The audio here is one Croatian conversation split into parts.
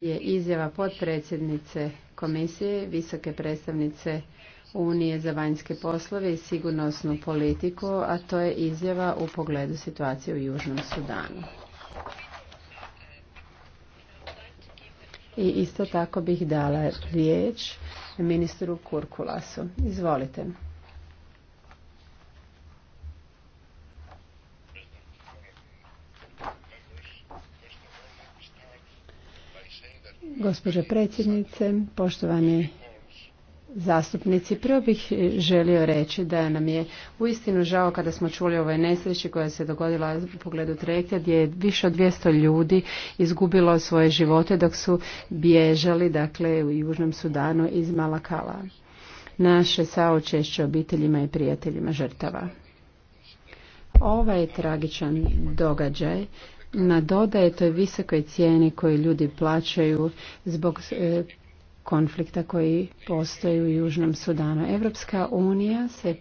je izjava potpredsjednice komisije visoke predstavnice Unije za vanjske poslove i sigurnosnu politiku, a to je izjava u pogledu situacije u Južnom Sudanu. I isto tako bih dala riječ ministru Kurkulasu. Izvolite. Gospođo predsjednice, poštovani zastupnici, prvo bih želio reći da nam je uistinu žao kada smo čuli ovoj nesreći koja se dogodila u pogledu trajekta gdje je više od 200 ljudi izgubilo svoje živote dok su bježali dakle, u Južnom Sudanu iz Malakala. Naše saočešće obiteljima i prijateljima žrtava. Ovaj tragičan događaj nadodaje toj visokoj cijeni koju ljudi plaćaju zbog e, konflikta koji postoji u Južnom Sudanu. Evropska unija se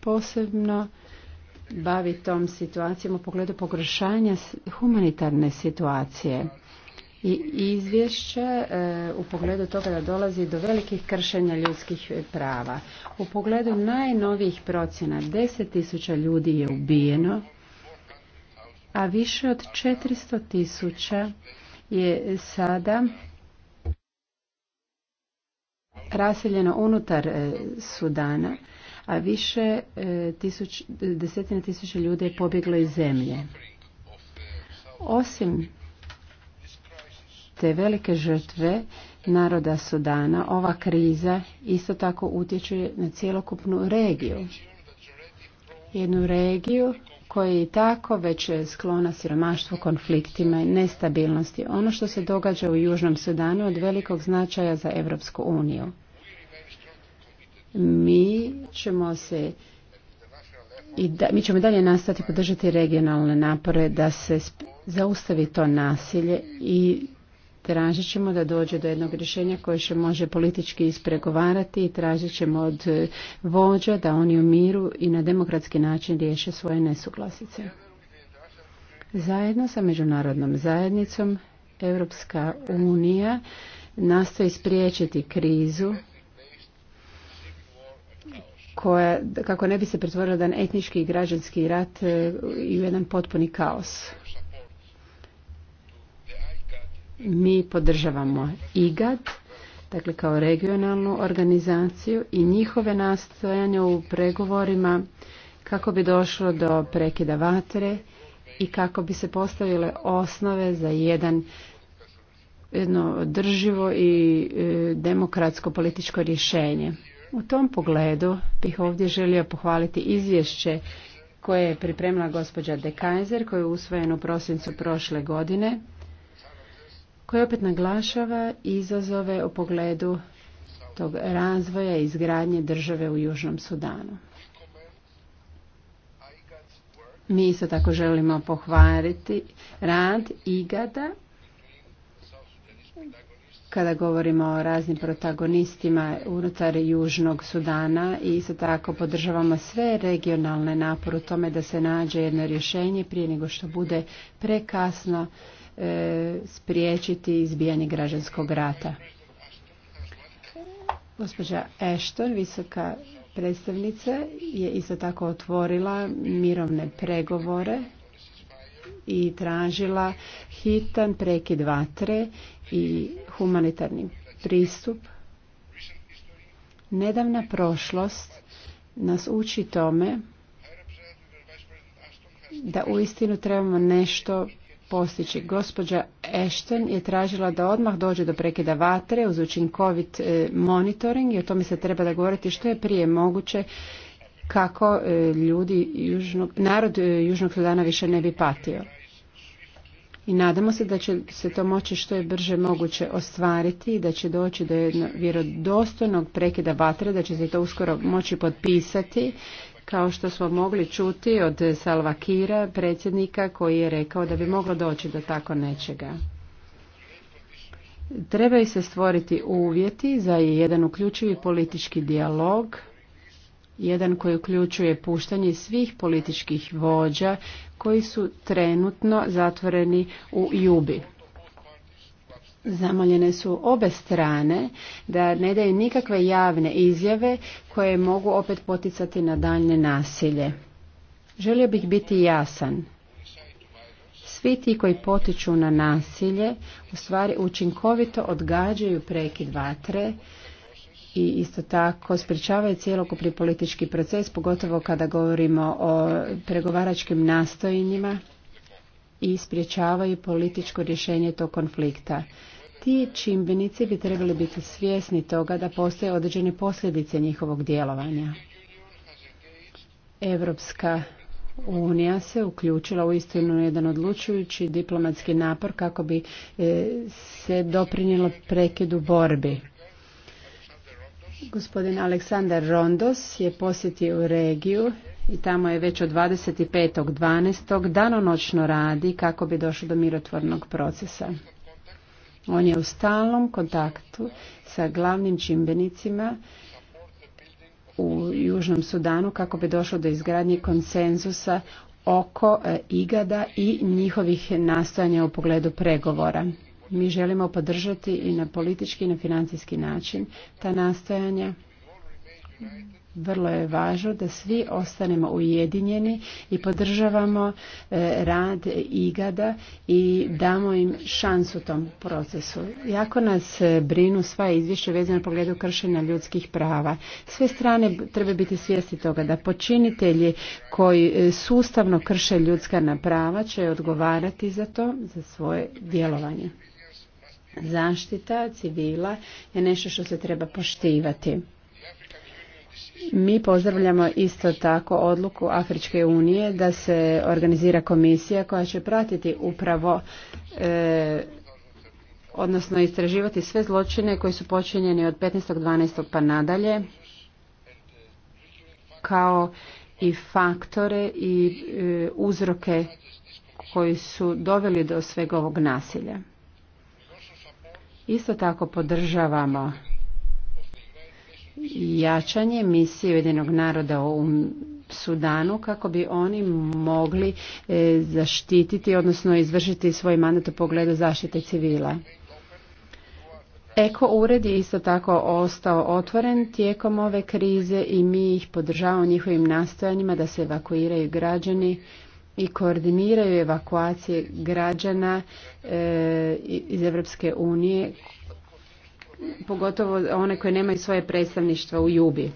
posebno bavi tom situacijom u pogledu pogoršanja humanitarne situacije i izvješće e, u pogledu toga da dolazi do velikih kršenja ljudskih prava. U pogledu najnovijih procjena 10.000 ljudi je ubijeno a više od 400 tisuća je sada raseljeno unutar e, Sudana, a više e, desetine tisuća ljudi je pobjeglo iz zemlje. Osim te velike žrtve naroda Sudana, ova kriza isto tako utječe na cjelokupnu regiju. Jednu regiju koje je i tako već sklona siromaštvu, konfliktima i nestabilnosti. Ono što se događa u Južnom Sudanu od velikog značaja za Europsku uniju. Mi ćemo se i da, mi ćemo dalje nastati podržati regionalne napore da se zaustavi to nasilje i Tražit ćemo da dođe do jednog rješenja koje se može politički ispregovarati i tražit ćemo od e, vođa da oni u miru i na demokratski način riješe svoje nesuglasice. Zajedno sa međunarodnom zajednicom Europska unija nastoji spriječiti krizu koja, kako ne bi se pretvorila dan etnički i građanski rat i e, u jedan potpuni kaos. Mi podržavamo IGAD, dakle kao regionalnu organizaciju i njihove nastojanja u pregovorima kako bi došlo do prekida vatre i kako bi se postavile osnove za jedan jedno održivo i e, demokratsko političko rješenje. U tom pogledu bih ovdje želio pohvaliti izvješće koje je pripremila gospođa De Kaiser koje je usvojeno u prosincu prošle godine koji opet naglašava izazove u pogledu tog razvoja i izgradnje države u Južnom Sudanu. Mi isto tako želimo pohvariti rad Igada kada govorimo o raznim protagonistima unutar Južnog Sudana i isto tako podržavamo sve regionalne napore u tome da se nađe jedno rješenje prije nego što bude prekasno E, spriječiti izbijanje građanskog rata. Gospođa Ashton, visoka predstavnica, je isto tako otvorila mirovne pregovore i tražila hitan prekid vatre i humanitarni pristup. Nedavna prošlost nas uči tome da uistinu trebamo nešto postići. Gospođa Ashton je tražila da odmah dođe do prekida vatre uz učinkovit e, monitoring i o tome se treba da govoriti što je prije moguće kako e, ljudi južnog, narod e, Južnog Sudana više ne bi patio. I nadamo se da će se to moći što je brže moguće ostvariti i da će doći do jednog vjerodostojnog prekida vatre, da će se to uskoro moći potpisati kao što smo mogli čuti od Kira, predsjednika koji je rekao da bi moglo doći do tako nečega. Trebaju se stvoriti uvjeti za jedan uključivi politički dijalog, jedan koji uključuje puštanje svih političkih vođa koji su trenutno zatvoreni u Jubi zamoljene su obe strane da ne daju nikakve javne izjave koje mogu opet poticati na daljne nasilje. Želio bih biti jasan. Svi ti koji potiču na nasilje u stvari učinkovito odgađaju prekid vatre i isto tako sprječavaju cjelokupni politički proces, pogotovo kada govorimo o pregovaračkim nastojanjima i ispriječavaju političko rješenje tog konflikta. Ti čimbenici bi trebali biti svjesni toga da postoje određene posljedice njihovog djelovanja. Evropska Unija se uključila u istinu jedan odlučujući diplomatski napor kako bi e, se doprinjelo prekidu borbi. Gospodin Aleksandar Rondos je posjetio regiju i tamo je već od 25.12. danonoćno radi kako bi došlo do mirotvornog procesa. On je u stalnom kontaktu sa glavnim čimbenicima u Južnom Sudanu kako bi došlo do izgradnje konsenzusa oko e, igada i njihovih nastojanja u pogledu pregovora. Mi želimo podržati i na politički i na financijski način ta nastojanja vrlo je važno da svi ostanemo ujedinjeni i podržavamo e, rad igada i damo im šansu tom procesu. Jako nas e, brinu sva izvješća vezana pogledu kršenja ljudskih prava. Sve strane treba biti svjesni toga da počinitelji koji e, sustavno krše ljudska prava će odgovarati za to, za svoje djelovanje. Zaštita civila je nešto što se treba poštivati. Mi pozdravljamo isto tako odluku Afričke unije da se organizira komisija koja će pratiti upravo e, odnosno istraživati sve zločine koji su počinjeni od 15.12. pa nadalje kao i faktore i e, uzroke koji su doveli do svega ovog nasilja. Isto tako podržavamo jačanje misije Ujedinog naroda u Sudanu kako bi oni mogli e, zaštititi, odnosno izvršiti svoj mandat u pogledu zaštite civila. Eko ured je isto tako ostao otvoren tijekom ove krize i mi ih podržavamo njihovim nastojanjima da se evakuiraju građani i koordiniraju evakuacije građana e, iz Europske unije pogotovo one koje nemaju svoje predstavništva u Jubi.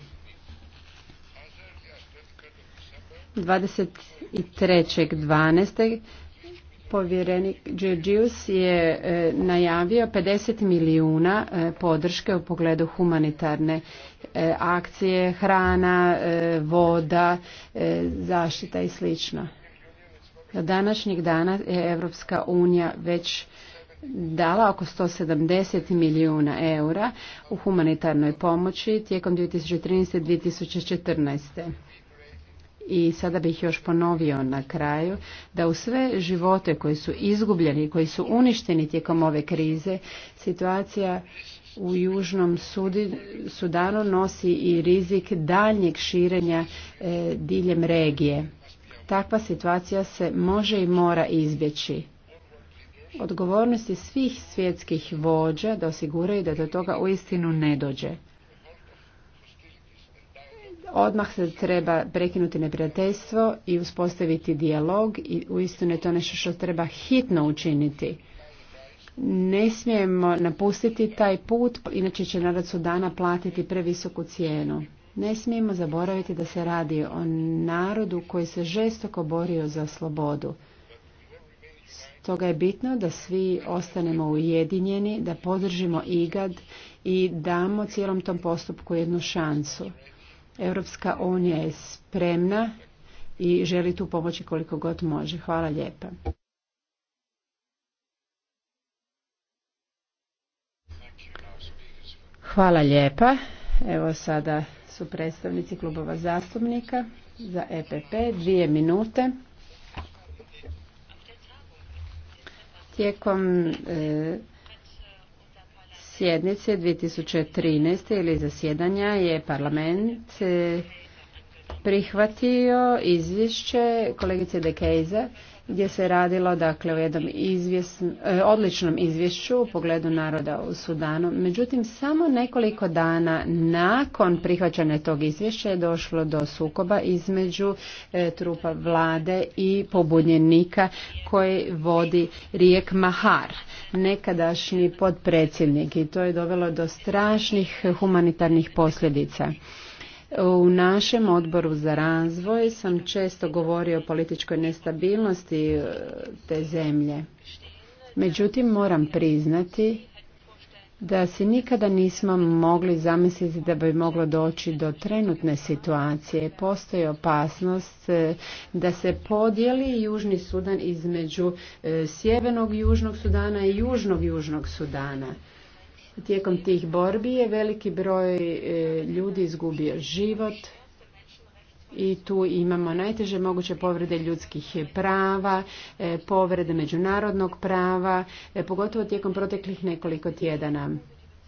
23.12. povjerenik Georgius je e, najavio 50 milijuna e, podrške u pogledu humanitarne e, akcije, hrana, voda, zaštita i slično. Do današnjeg dana je Europska unija već dala oko 170 milijuna eura u humanitarnoj pomoći tijekom 2013. i 2014. I sada bih još ponovio na kraju da u sve živote koji su izgubljeni, koji su uništeni tijekom ove krize, situacija u Južnom Sudanu nosi i rizik daljnjeg širenja e, diljem regije. Takva situacija se može i mora izbjeći odgovornosti svih svjetskih vođa da osiguraju da do toga uistinu ne dođe. Odmah se treba prekinuti neprijateljstvo i uspostaviti dijalog i uistinu je to nešto što treba hitno učiniti. Ne smijemo napustiti taj put, inače će narod Sudana platiti previsoku cijenu. Ne smijemo zaboraviti da se radi o narodu koji se žestoko borio za slobodu. Toga je bitno da svi ostanemo ujedinjeni, da podržimo IGAD i damo cijelom tom postupku jednu šansu. Europska unija je spremna i želi tu pomoći koliko god može. Hvala lijepa. Hvala lijepa. Evo sada su predstavnici klubova zastupnika za EPP. Dvije minute. Tijekom e, sjednice 2013. ili zasjedanja je parlament e, prihvatio izvješće kolegice De gdje se radilo dakle, o jednom izvjesn, e, odličnom izvješću u pogledu naroda u Sudanu. Međutim, samo nekoliko dana nakon prihvaćanja tog izvješća je došlo do sukoba između e, trupa vlade i pobunjenika koji vodi rijek Mahar, nekadašnji podpredsjednik i to je dovelo do strašnih humanitarnih posljedica. U našem odboru za razvoj sam često govorio o političkoj nestabilnosti e, te zemlje. Međutim, moram priznati da se nikada nismo mogli zamisliti da bi moglo doći do trenutne situacije. Postoji opasnost e, da se podijeli Južni Sudan između e, sjevernog Južnog Sudana i Južnog Južnog Sudana. Tijekom tih borbi je veliki broj e, ljudi izgubio život i tu imamo najteže moguće povrede ljudskih prava, e, povrede međunarodnog prava, e, pogotovo tijekom proteklih nekoliko tjedana.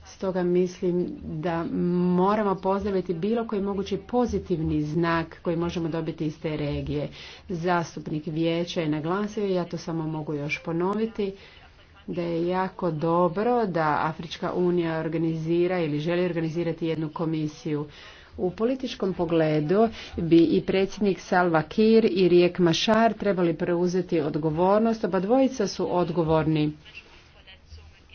Stoga mislim da moramo pozdraviti bilo koji mogući pozitivni znak koji možemo dobiti iz te regije. Zastupnik vijeća je naglasio, ja to samo mogu još ponoviti, da je jako dobro da Afrička unija organizira ili želi organizirati jednu komisiju. U političkom pogledu bi i predsjednik Salva Kir i Rijek Mašar trebali preuzeti odgovornost, oba dvojica su odgovorni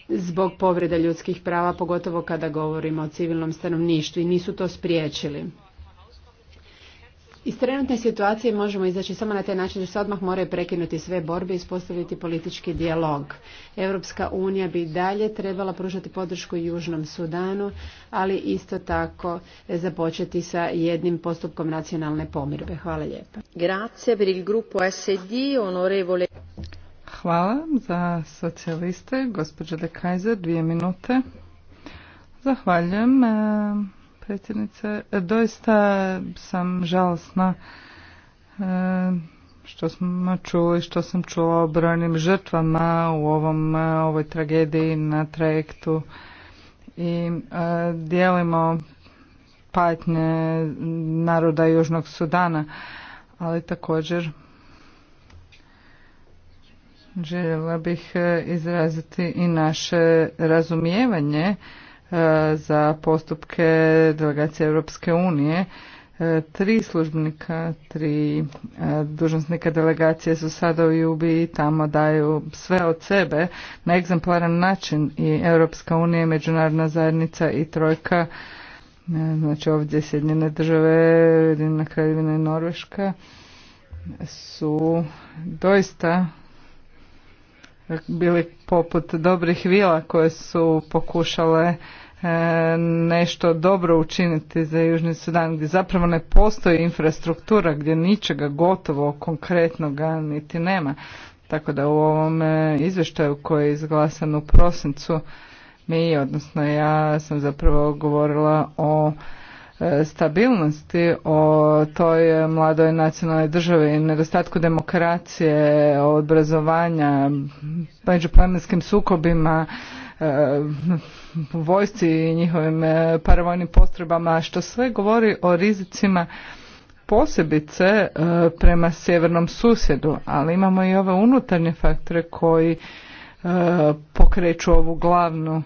zbog povreda ljudskih prava, pogotovo kada govorimo o civilnom stanovništvu i nisu to spriječili. Iz trenutne situacije možemo izaći samo na taj način da se odmah moraju prekinuti sve borbe i ispostaviti politički dijalog. Europska unija bi dalje trebala pružati podršku Južnom Sudanu, ali isto tako započeti sa jednim postupkom nacionalne pomirbe. Hvala lijepa. Grazie per Hvala za socijaliste, gospođa De Kaiser, dvije minute. Zahvaljujem. Eh, predsjednice. Doista sam žalosna e, što smo čuli, što sam čula o brojnim žrtvama u ovom, e, ovoj tragediji na trajektu i e, dijelimo patnje naroda Južnog Sudana, ali također željela bih izraziti i naše razumijevanje E, za postupke delegacije Europske unije. E, tri službenika, tri e, dužnosnika delegacije su sada u Jubi i tamo daju sve od sebe na egzemplaran način i Europska unija međunarodna zajednica i trojka znači ovdje Sjedinjene države, Ujedinjena kraljevina i Norveška su doista bili poput dobrih vila koje su pokušale e, nešto dobro učiniti za Južni Sudan gdje zapravo ne postoji infrastruktura gdje ničega gotovo konkretnoga niti nema. Tako da u ovom e, izvještaju koji je izglasan u prosincu mi, odnosno ja sam zapravo govorila o E, stabilnosti, o toj mladoj nacionalnoj državi, nedostatku demokracije, o među plemenskim sukobima, e, vojsci i njihovim e, paravojnim postrebama, što sve govori o rizicima posebice prema sjevernom susjedu, ali imamo i ove unutarnje faktore koji pokreću ovu glavnu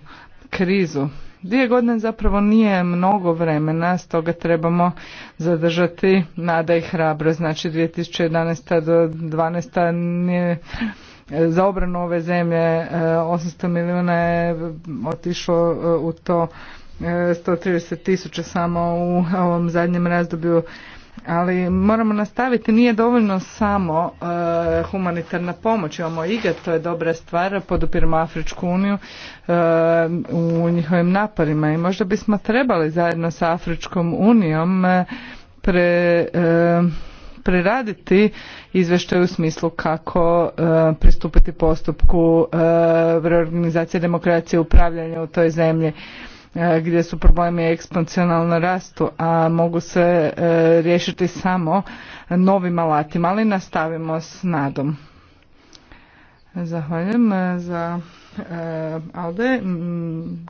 krizu Dvije godine zapravo nije mnogo vremena, stoga trebamo zadržati nada i hrabro. Znači 2011. do 2012. nije za obranu ove zemlje 800 e, milijuna je otišlo e, u to 130 e, tisuća samo u ovom zadnjem razdoblju ali moramo nastaviti. Nije dovoljno samo e, humanitarna pomoć. Imamo IGAT, to je dobra stvar, podupiramo Afričku uniju e, u njihovim naporima i možda bismo trebali zajedno sa Afričkom unijom e, pre, preraditi izvještaj u smislu kako pristupiti postupku reorganizacije demokracije upravljanja u toj zemlji E, gdje su problemi ekspansionalno rastu, a mogu se e, riješiti samo novim alatima, ali nastavimo s nadom. Zahvaljujem e, za Alde,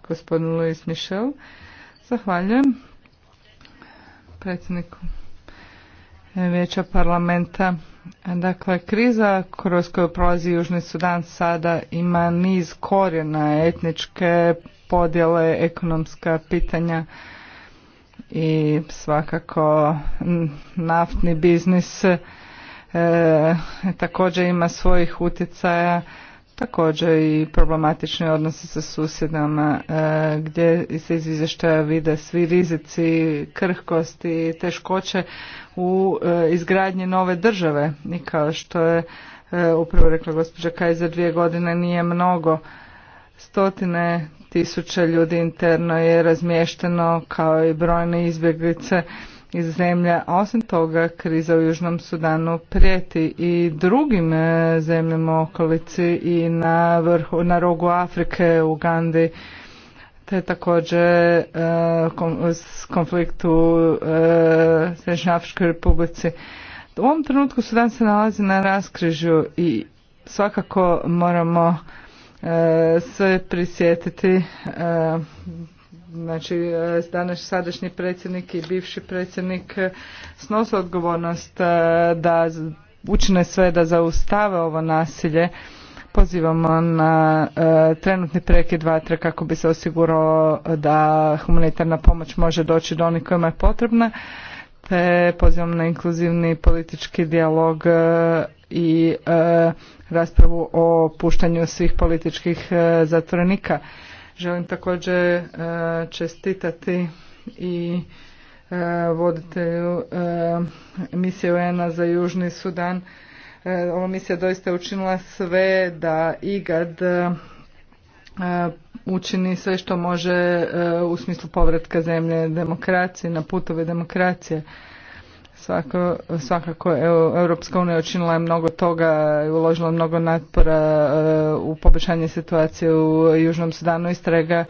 gospodin Luis Michel. Zahvaljujem predsjedniku Vijeća parlamenta. Dakle, kriza kroz koju prolazi Južni Sudan sada ima niz korijena etničke, podjele, ekonomska pitanja i svakako naftni biznis e, također ima svojih utjecaja također i problematični odnosi sa susjedama e, gdje se iz izvještaja vide svi rizici, krhkosti i teškoće u e, izgradnji nove države i kao što je e, upravo rekla gospođa Kajza, dvije godine nije mnogo stotine tisuća ljudi interno je razmješteno kao i brojne izbjeglice iz zemlje. osim toga, kriza u Južnom Sudanu prijeti i drugim e, zemljama okolici i na, vrhu, na rogu Afrike, Ugandi, te također e, konfliktu u e, republici. U ovom trenutku Sudan se nalazi na raskrižju i svakako moramo se prisjetiti e, znači e, danas sadašnji predsjednik i bivši predsjednik snose odgovornost e, da učine sve da zaustave ovo nasilje pozivamo na trenutni prekid vatre kako bi se osiguralo da humanitarna pomoć može doći do onih kojima je potrebna te pozivamo na inkluzivni politički dijalog i e, raspravu o puštanju svih političkih e, zatvorenika. Želim također e, čestitati i voditelju misije UN-a za Južni Sudan. Ova misija doista učinila sve da IGAD učini sve što može u smislu povratka zemlje demokracije, na putove demokracije. Svako, svakako Europska unija učinila je mnogo toga i uložila mnogo natpora e, u poboljšanje situacije u Južnom Sudanu istraga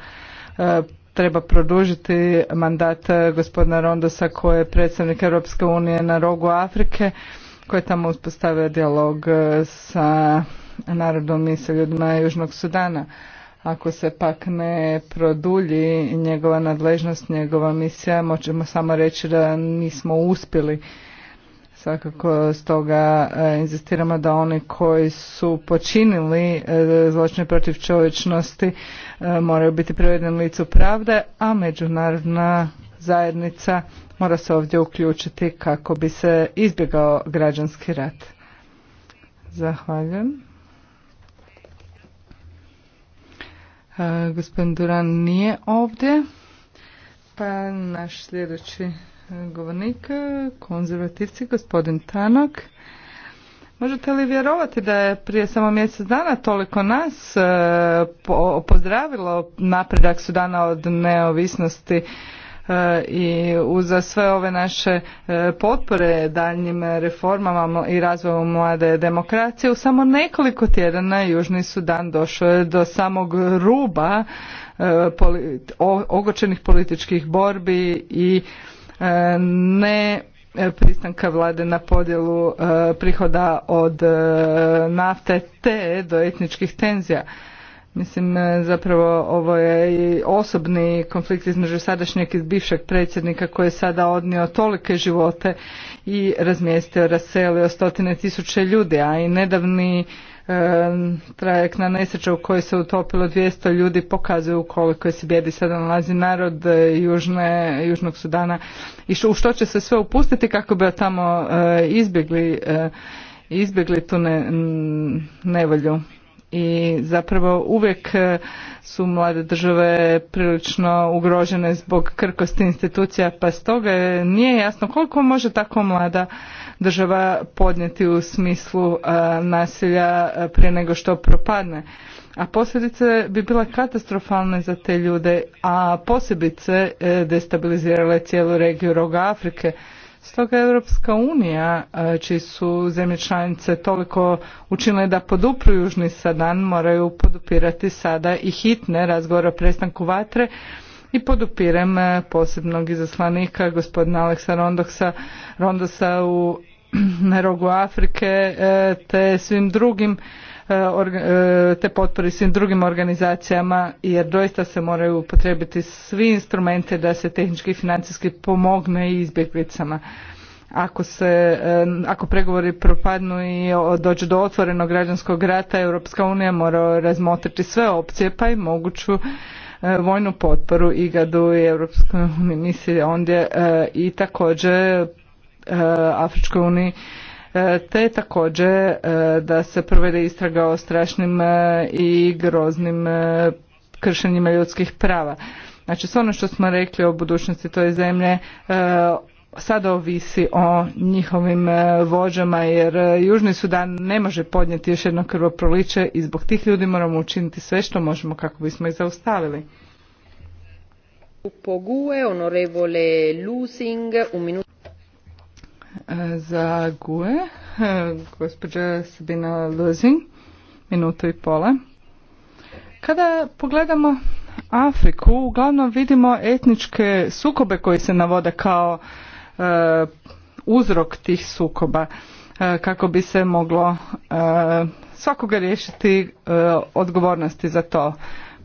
e, treba produžiti mandat e, gospodina Rondosa koji je predstavnik Europske unije na rogu Afrike koji je tamo uspostavio dijalog sa narodom i sa ljudima Južnog Sudana. Ako se pak ne produlji njegova nadležnost, njegova misija, možemo samo reći da nismo uspjeli. Svakako stoga e, inzistiramo da oni koji su počinili e, zločine protiv čovječnosti e, moraju biti privedeni licu pravde, a međunarodna zajednica mora se ovdje uključiti kako bi se izbjegao građanski rat. Zahvaljujem. E, gospodin Duran nije ovdje. Pa naš sljedeći e, govornik, e, konzervativci, gospodin Tanok. Možete li vjerovati da je prije samo mjesec dana toliko nas pozdravilo napredak Sudana od neovisnosti E, i uza sve ove naše e, potpore daljnjim reformama i razvoju mlade demokracije u samo nekoliko tjedana Južni Sudan došao je do samog ruba e, ogočenih političkih borbi i ne pristanka vlade na podjelu prihoda od nafte te do etničkih tenzija. Mislim, e, zapravo ovo je i osobni konflikt između sadašnjeg i bivšeg predsjednika koji je sada odnio tolike živote i razmjestio, raselio stotine tisuće ljudi, a i nedavni e, trajek na nesreću u kojoj se utopilo 200 ljudi pokazuje u koliko se bijedi sada nalazi narod e, Južnog Sudana i što, u što će se sve upustiti kako bi tamo e, izbjegli, izbjegli tu ne, nevolju i zapravo uvijek e, su mlade države prilično ugrožene zbog krkosti institucija pa stoga nije jasno koliko može tako mlada država podnijeti u smislu e, nasilja e, prije nego što propadne a posljedice bi bile katastrofalne za te ljude a posebice destabilizirale cijelu regiju roga Afrike Stoga Europska unija, e, čiji su zemlje članice toliko učinile da podupru Južni Sadan, moraju podupirati sada i hitne razgovore o prestanku vatre i podupirem e, posebnog izaslanika gospodina Aleksa Rondoksa, Rondosa u na rogu Afrike e, te svim drugim E, e, te potpori svim drugim organizacijama jer doista se moraju upotrijebiti svi instrumenti da se tehnički i financijski pomogne i izbjeglicama. Ako, se, e, ako pregovori propadnu i dođu do otvorenog građanskog rata, Europska unija mora razmotriti sve opcije pa i moguću vojnu potporu i u i Europskoj misiji ondje i također Afričkoj uniji E, te također e, da se provede istraga o strašnim e, i groznim kršenjima ljudskih prava. Znači sve ono što smo rekli o budućnosti toj zemlje sada ovisi o njihovim vođama jer Južni Sudan ne može podnijeti još jedno krvoproliće i zbog tih ljudi moramo učiniti sve što možemo kako bismo ih zaustavili. Pogue, onorevole Lusing, za GUE, gospođa Sabina Luzin, minuto i pola. Kada pogledamo Afriku, uglavnom vidimo etničke sukobe koji se navode kao e, uzrok tih sukoba e, kako bi se moglo e, svakoga riješiti odgovornosti za to.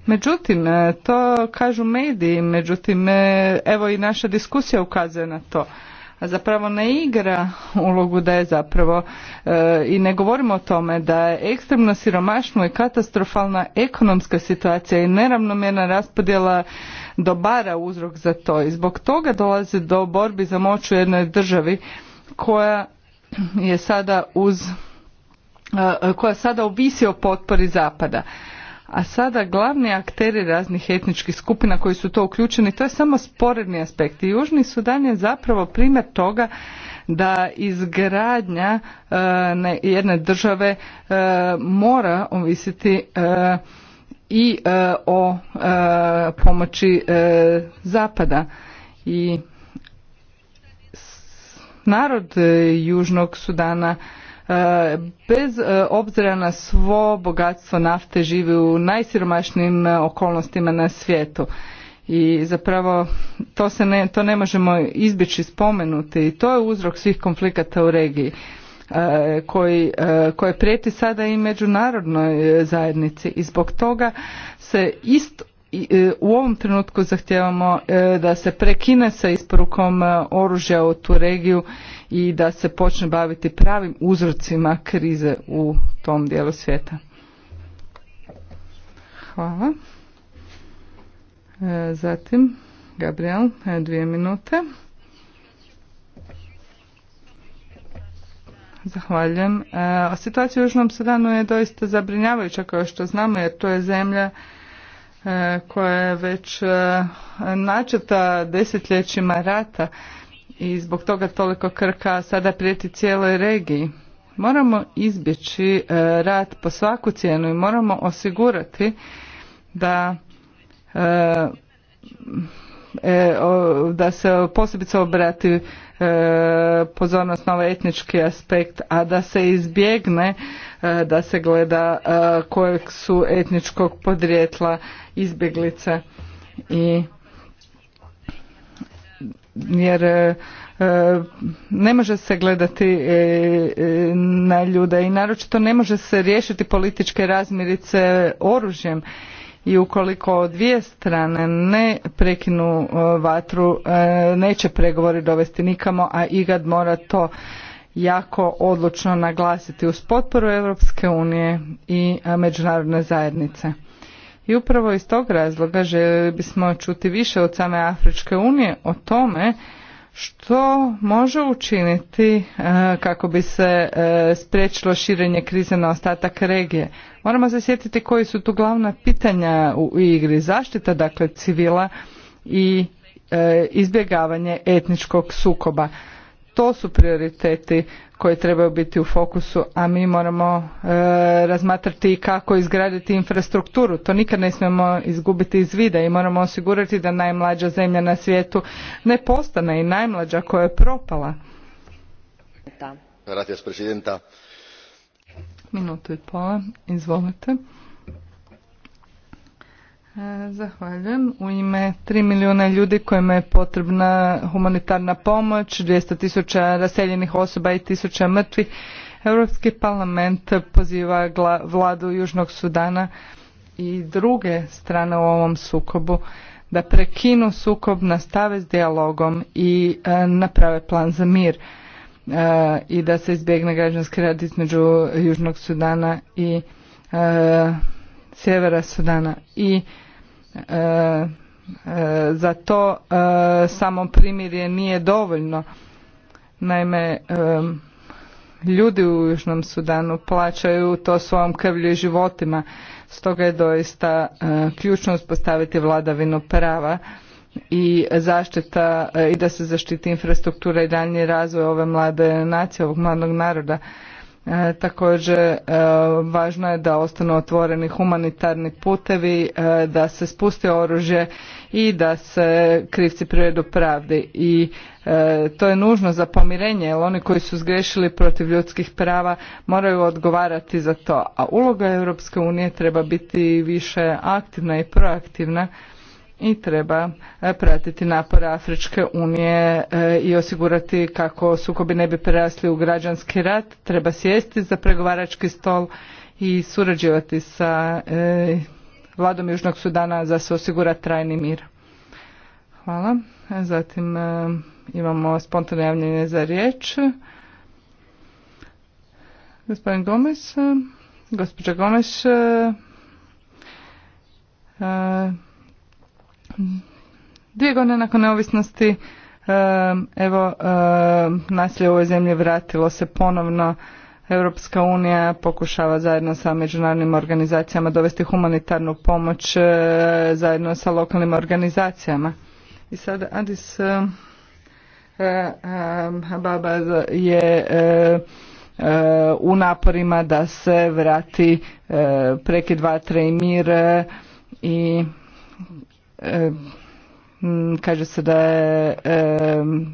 Međutim, to kažu mediji, međutim, evo i naša diskusija ukazuje na to zapravo ne igra ulogu da je zapravo e, i ne govorimo o tome da je ekstremno siromašno i katastrofalna ekonomska situacija i neravnomjerna raspodjela dobara uzrok za to i zbog toga dolazi do borbi za moć u jednoj državi koja je sada uz e, koja sada ovisi o potpori zapada a sada glavni akteri raznih etničkih skupina koji su to uključeni, to je samo sporedni aspekt. I Južni Sudan je zapravo primjer toga da izgradnja e, jedne države e, mora ovisiti e, i o pomoći zapada i narod Južnog Sudana E, bez e, obzira na svo bogatstvo nafte živi u najsiromašnijim e, okolnostima na svijetu i zapravo to, se ne, to ne možemo izbjeći spomenuti i to je uzrok svih konflikata u regiji koji, koje prijeti sada i međunarodnoj zajednici i zbog toga se isto u ovom trenutku zahtijevamo da se prekine sa isporukom oružja u tu regiju i da se počne baviti pravim uzrocima krize u tom dijelu svijeta. Hvala. E, zatim, Gabriel, e, dvije minute. Zahvaljujem. E, situacija u Južnom Sudanu je doista zabrinjavajuća kao što znamo jer to je zemlja e, koja je već e, načeta desetljećima rata i zbog toga toliko Krka sada prijeti cijeloj regiji. Moramo izbjeći e, rat po svaku cijenu i moramo osigurati da e, e da se posebice obrati e, pozornost na ovaj etnički aspekt, a da se izbjegne da se gleda kojeg su etničkog podrijetla izbjeglice i jer e, e, ne može se gledati e, na ljude i naročito ne može se riješiti političke razmirice oružjem i ukoliko dvije strane ne prekinu vatru neće pregovori dovesti nikamo a igad mora to jako odlučno naglasiti uz potporu Europske unije i međunarodne zajednice. I upravo iz tog razloga željeli bismo čuti više od same Afričke unije o tome što može učiniti e, kako bi se e, spriječilo širenje krize na ostatak regije. Moramo se sjetiti koji su tu glavna pitanja u igri. Zaštita dakle civila i e, izbjegavanje etničkog sukoba. To su prioriteti koje trebaju biti u fokusu, a mi moramo e, razmatrati kako izgraditi infrastrukturu. To nikad ne smijemo izgubiti iz vida i moramo osigurati da najmlađa zemlja na svijetu ne postane i najmlađa koja je propala. Minutu i pola, izvolite. E, zahvaljujem. U ime 3 milijuna ljudi kojima je potrebna humanitarna pomoć, 200 tisuća raseljenih osoba i tisuća mrtvih, Europski parlament poziva vladu Južnog Sudana i druge strane u ovom sukobu da prekinu sukob, nastave s dijalogom i e, naprave plan za mir e, i da se izbjegne građanski rad između Južnog Sudana i Sjevera Sudana i E, e, za to e, samo primirje nije dovoljno. Naime, ljudi u Južnom Sudanu plaćaju to svojom krvlju i životima. Stoga je doista ključno uspostaviti vladavinu prava i zaštita i da se zaštiti infrastruktura i daljnji razvoj ove mlade nacije, ovog mladog naroda. E, također e, važno je da ostanu otvoreni humanitarni putevi, e, da se spusti oružje i da se krivci privedu pravdi. I e, to je nužno za pomirenje, jer oni koji su zgrešili protiv ljudskih prava moraju odgovarati za to. A uloga Europske unije treba biti više aktivna i proaktivna i treba e, pratiti napore Afričke unije e, i osigurati kako sukobi ne bi prerasli u građanski rat. Treba sjesti za pregovarački stol i surađivati sa e, vladom Južnog Sudana za se osigura trajni mir. Hvala. Zatim imamo spontane javljenje za riječ. Gospodin Gomes, gospođa Gomes, dvije godine nakon neovisnosti evo nasilje u ovoj zemlji vratilo se ponovno Europska unija pokušava zajedno sa međunarodnim organizacijama dovesti humanitarnu pomoć zajedno sa lokalnim organizacijama. I sad Adis Ababa je u naporima da se vrati prekid vatre i mir i Mm, kaže se da je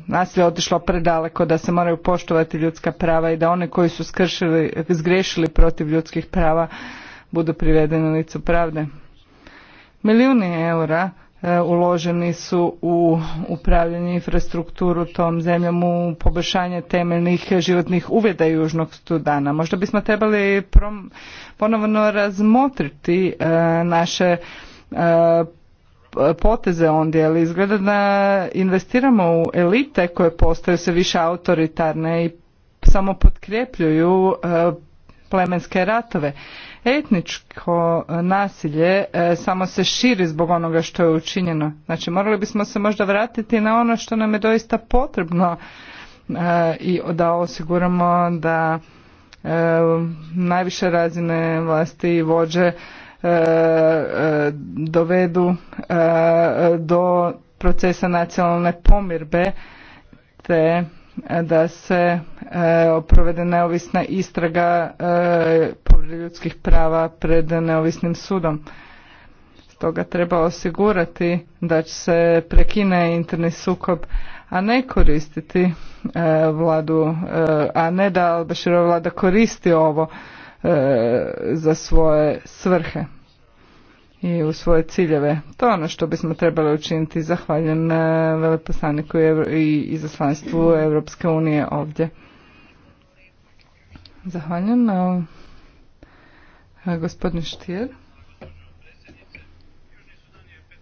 nasilje otišlo predaleko, da se moraju poštovati ljudska prava i da one koji su skršili, zgrešili protiv ljudskih prava budu privedeni licu pravde. Milijuni eura e, uloženi su u upravljanje infrastrukturu tom zemljom u poboljšanje temeljnih životnih uvjeta Južnog Studana. Možda bismo trebali ponovno razmotriti e, naše e, poteze ondje, ali izgleda da investiramo u elite koje postaju sve više autoritarne i samo potkrepljuju e, plemenske ratove. Etničko e, nasilje e, samo se širi zbog onoga što je učinjeno. Znači morali bismo se možda vratiti na ono što nam je doista potrebno i da osiguramo da najviše razine vlasti i vođe E, e, dovedu e, do procesa nacionalne pomirbe te da se provede neovisna istraga povrede ljudskih prava pred neovisnim sudom. Stoga treba osigurati da će se prekine interni sukob, a ne koristiti vladu, a ne da Albaširova vlada koristi ovo E, za svoje svrhe i u svoje ciljeve. To je ono što bismo trebali učiniti. Zahvaljujem e, veleposlaniku i izaslanstvu Europske unije ovdje. Zahvaljujem. E, gospodin Štijer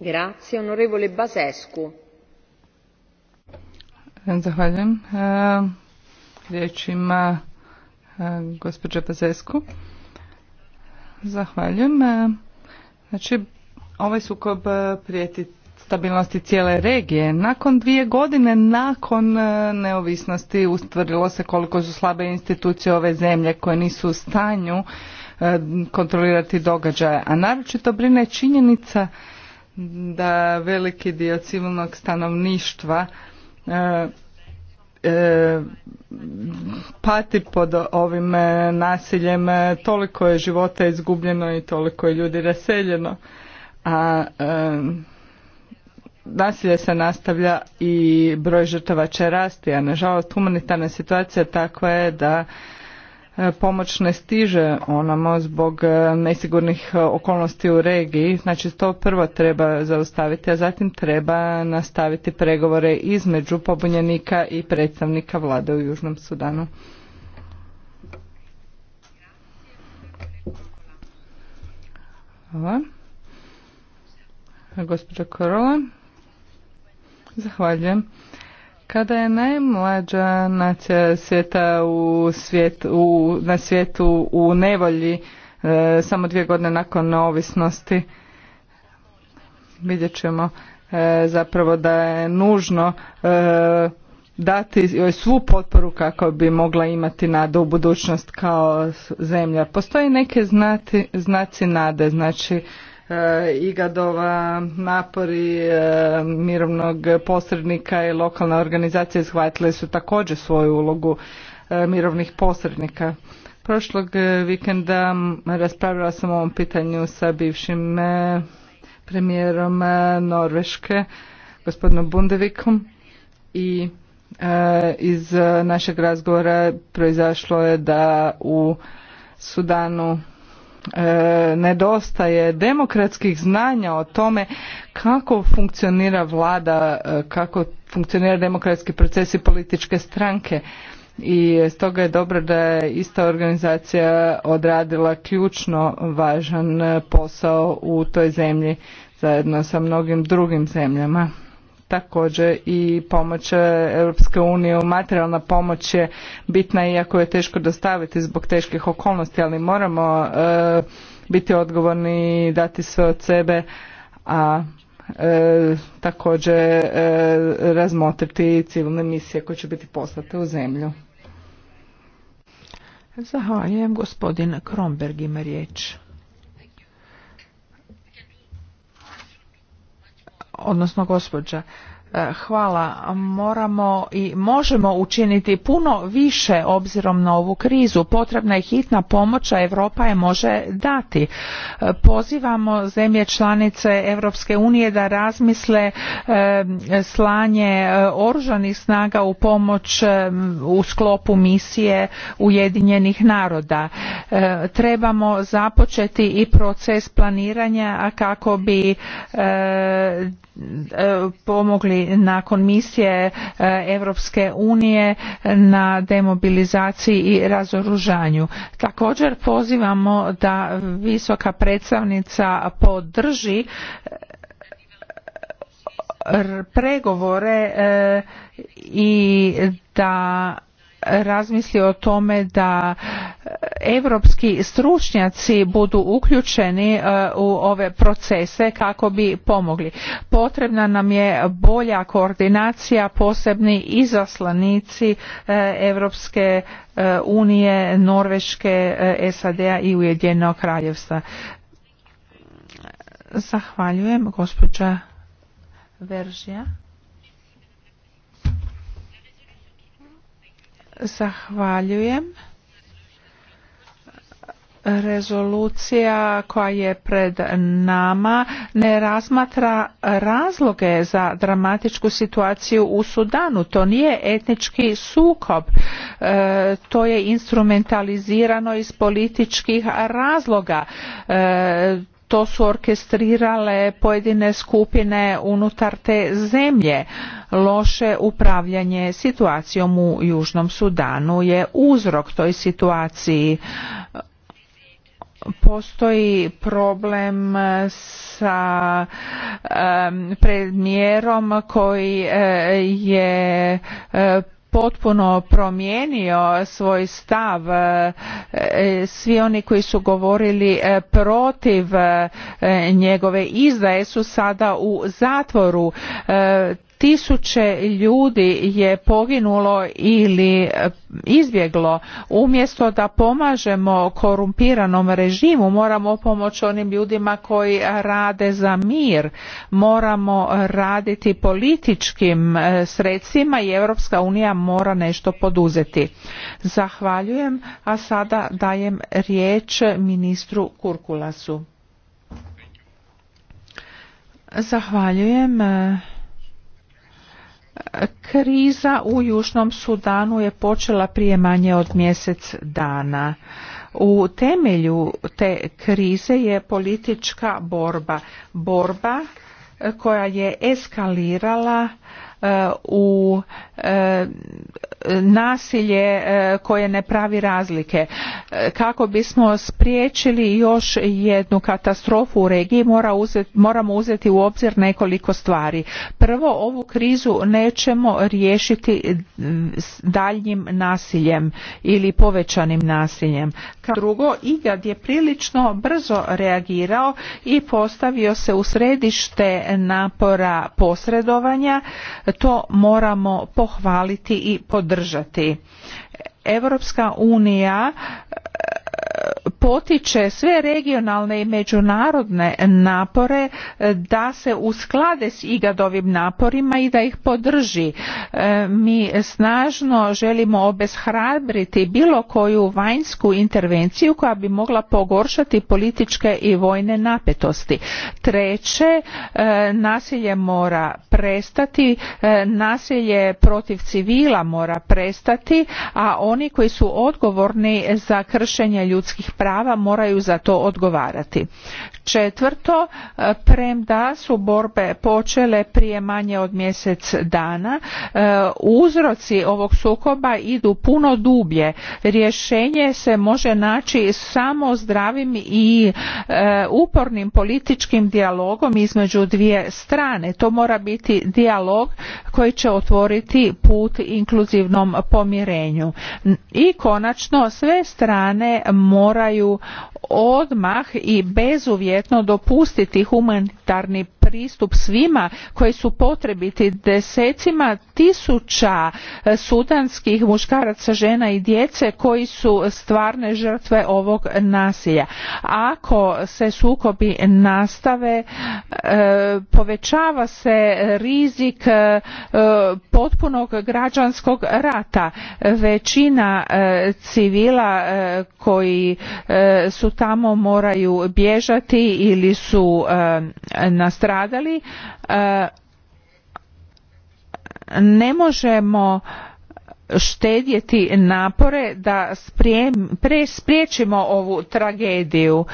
Grazie, onorevole Basescu. Zahvaljujem. E, riječ ima e, gospođa Zahvaljujem. E, znači, ovaj sukob prijeti stabilnosti cijele regije. Nakon dvije godine, nakon neovisnosti, ustvrdilo se koliko su slabe institucije ove zemlje koje nisu u stanju kontrolirati događaje. A naročito brine činjenica da veliki dio civilnog stanovništva e, e, pati pod ovim nasiljem, toliko je života izgubljeno i toliko je ljudi raseljeno, a e, nasilje se nastavlja i broj žrtava će rasti, a nažalost humanitarna situacija takva je da E, pomoć ne stiže onamo zbog e, nesigurnih e, okolnosti u regiji. Znači to prvo treba zaustaviti, a zatim treba nastaviti pregovore između pobunjenika i predstavnika vlade u Južnom Sudanu. Hvala. Korola. Zahvaljujem. Kada je najmlađa nacija svijeta u, na svijetu u nevolji e, samo dvije godine nakon neovisnosti, vidjet ćemo e, zapravo da je nužno e, dati svu potporu kako bi mogla imati nadu u budućnost kao zemlja. Postoje neke znaci nade, znači E, Igadova, napori e, mirovnog posrednika i lokalna organizacija shvatile su također svoju ulogu e, mirovnih posrednika. Prošlog vikenda raspravila sam o ovom pitanju sa bivšim premijerom Norveške, gospodinom Bundevikom i iz našeg razgovora proizašlo je da u Sudanu E, nedostaje demokratskih znanja o tome kako funkcionira vlada, e, kako funkcionira demokratski proces i političke stranke i stoga je dobro da je ista organizacija odradila ključno važan e, posao u toj zemlji zajedno sa mnogim drugim zemljama također i pomoć e, Europske unije. Materijalna pomoć je bitna iako je teško dostaviti zbog teških okolnosti, ali moramo e, biti odgovorni i dati sve od sebe, a e, također e, razmotriti civilne misije koje će biti poslate u zemlju. Zahvaljujem gospodin Kromberg ima riječ. odnosno gospođa E, hvala. Moramo i možemo učiniti puno više obzirom na ovu krizu. Potrebna je hitna pomoć, a Europa je može dati. E, pozivamo zemlje članice Europske unije da razmisle e, slanje oružanih snaga u pomoć u sklopu misije Ujedinjenih naroda. Trebamo započeti i proces planiranja kako bi pomogli nakon misije Europske unije na demobilizaciji i razoružanju. Također pozivamo da visoka predstavnica podrži e, pregovore e, i da razmisli o tome da europski stručnjaci budu uključeni e, u ove procese kako bi pomogli. Potrebna nam je bolja koordinacija, posebni izaslanici Europske e, unije, Norveške, e, SAD-a i Ujedinjenog kraljevstva. Zahvaljujem, gospođa Veržija. Zahvaljujem. Rezolucija koja je pred nama ne razmatra razloge za dramatičku situaciju u Sudanu. To nije etnički sukob. E, to je instrumentalizirano iz političkih razloga. E, to su orkestrirale pojedine skupine unutar te zemlje. Loše upravljanje situacijom u Južnom Sudanu je uzrok toj situaciji. Postoji problem sa premijerom koji eh, je eh, potpuno promijenio svoj stav e, svi oni koji su govorili e, protiv e, njegove izdaje su sada u zatvoru tisuće ljudi je poginulo ili e, izbjeglo. Umjesto da pomažemo korumpiranom režimu, moramo pomoći onim ljudima koji rade za mir. Moramo raditi političkim e, sredstvima i Europska unija mora nešto poduzeti. Zahvaljujem, a sada dajem riječ ministru Kurkulasu. Zahvaljujem. E, Kriza u Južnom Sudanu je počela prije manje od mjesec dana. U temelju te krize je politička borba, borba koja je eskalirala E, u e, nasilje e, koje ne pravi razlike. Kako bismo spriječili još jednu katastrofu u regiji moramo uzeti u obzir nekoliko stvari. Prvo, ovu krizu nećemo riješiti daljnjim nasiljem ili povećanim nasiljem. Kao drugo, Igad je prilično brzo reagirao i postavio se u središte napora posredovanja. To moramo pohvaliti i podržati. Europska unija potiče sve regionalne i međunarodne napore e, da se usklade s igadovim naporima i da ih podrži. E, mi snažno želimo obeshrabriti bilo koju vanjsku intervenciju koja bi mogla pogoršati političke i vojne napetosti. Treće, e, nasilje mora prestati, nasilje protiv civila mora prestati, a oni koji su odgovorni za kršenje ljudskih prava moraju za to odgovarati. Četvrto, e, premda su borbe počele prije manje od mjesec dana, e, uzroci ovog sukoba idu puno dublje. Rješenje se može naći samo zdravim i e, upornim političkim dijalogom između dvije strane. To mora biti dijalog koji će otvoriti put inkluzivnom pomirenju. I konačno sve strane moraju moraju odmah i bezuvjetno dopustiti humanitarni pristup svima koji su potrebiti desecima tisuća e, sudanskih muškaraca žena i djece koji su stvarne žrtve ovog nasilja ako se sukobi nastave e, povećava se rizik e, potpunog građanskog rata većina civila koji E, su tamo moraju bježati ili su e, nastradali e, ne možemo štedjeti napore da spriječimo ovu tragediju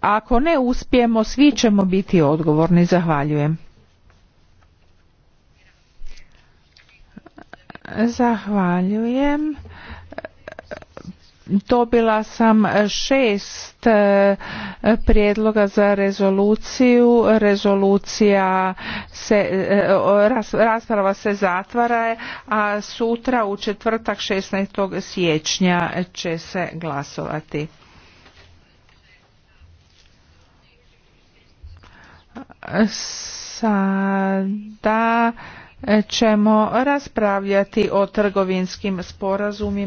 ako ne uspijemo svi ćemo biti odgovorni zahvaljujem zahvaljujem dobila sam šest e, prijedloga za rezoluciju rezolucija se e, rasprava se zatvara a sutra u četvrtak 16. siječnja će se glasovati sada ćemo raspravljati o trgovinskim sporazumima